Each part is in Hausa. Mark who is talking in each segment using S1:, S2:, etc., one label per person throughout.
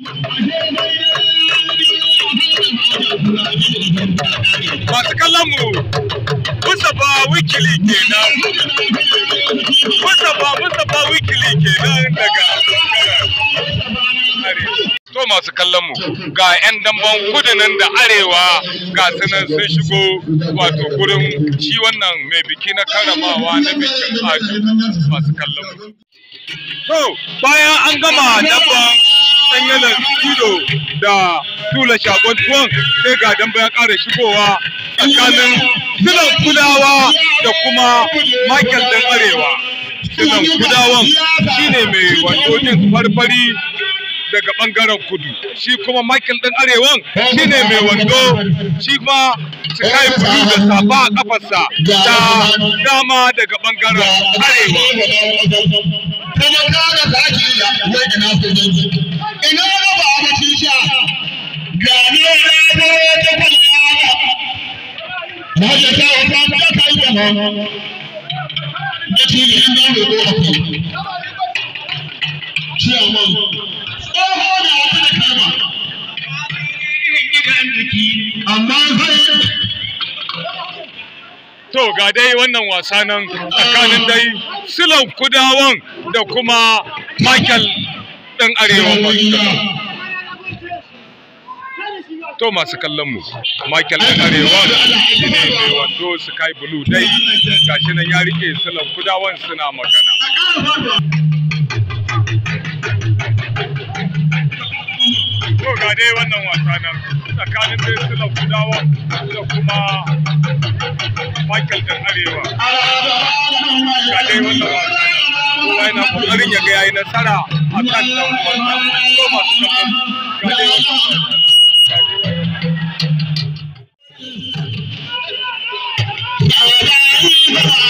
S1: Masu kallon mu, Mustapha Wikili kenan. Mustapha Mustapha Wikili kenan daga To masu kallon mu ga 'yan damban kudunan da arewa ga sunan sun shigo wato gurin shi wannan mai biki na karamawa na bikin ajo masu kallon mu. To bayan an gama damban dan yanar ido da tula shagon tuwon sai ga dan ya ƙara shigowa tsakanin silan kudawa da kuma makil dan arewa
S2: silan kudawan shine mai wato
S1: jin farfari daga bangaren kudu shi kuma michael ɗan arewan shine mai wando shi ma sky blue da safa a kafarsa ta dama daga bangaren arewa kuma kara da ake yi wai ina sojoji ina raba abincin sha ga ne na boro ta kwalala mahajjata wata ta kai da ma da shi ne ina roƙo a kai ciyaman tsoho da wata da kalma amma zai To ga dai wannan wasa nan tsakanin dai sulan kudawan da kuma michael ɗan arewa to masu kallon mu michael ɗan arewa shi ne mai wato sky blue dai gashi nan ya rike sulan kudawan suna magana to ga dai wannan wasa nan tsakanin dai sulan kudawan da kuma michael ɗan arewa shi Allah masa wasa kuma yana kokarin ya ga yayi nasara a kan dan uwansa ko masu sabon ga dai Thank you.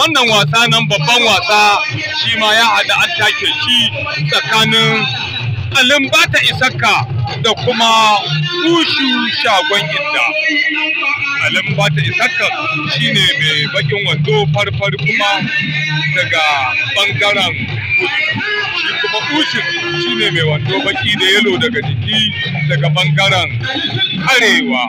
S1: wannan wasa nan babban wasa shi ma ya hada an take shi tsakanin alin ba ta isakka da kuma kushu shagon inda alin ba ta isakka shine mai bakin wando farfar kuma daga bangaren kudu shi kuma kushin shine mai wando baki da yalo daga jiki daga bangaren arewa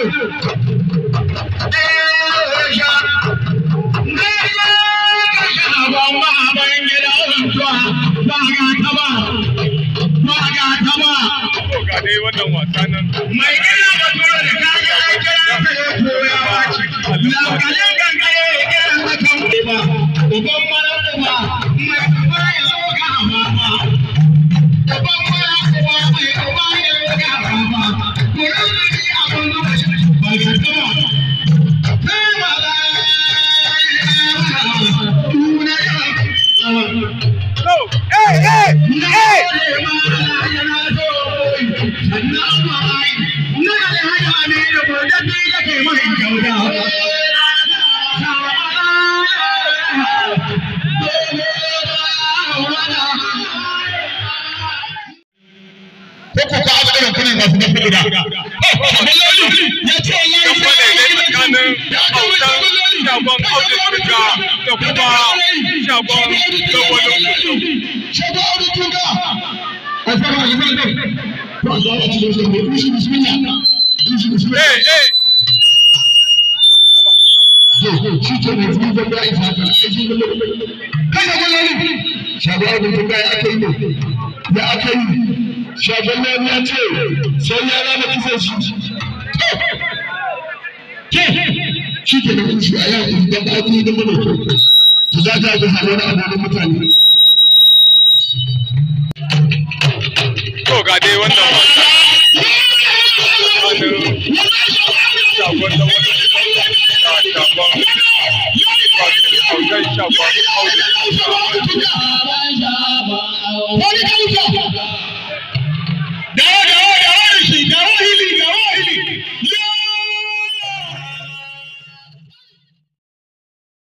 S1: Mai gina da tura da kaga an ta ya koya ba ciki. Kuka yau kuna masu ne tsakanin da kuma shagon da ya aka yi ne. Ya aka yi. shafan ya ce sai ya rama kisan shi ke shi ke da kunci a yau da ba ku da mana ku ku za ta ga halin abin mutane to ga dai wannan wasa da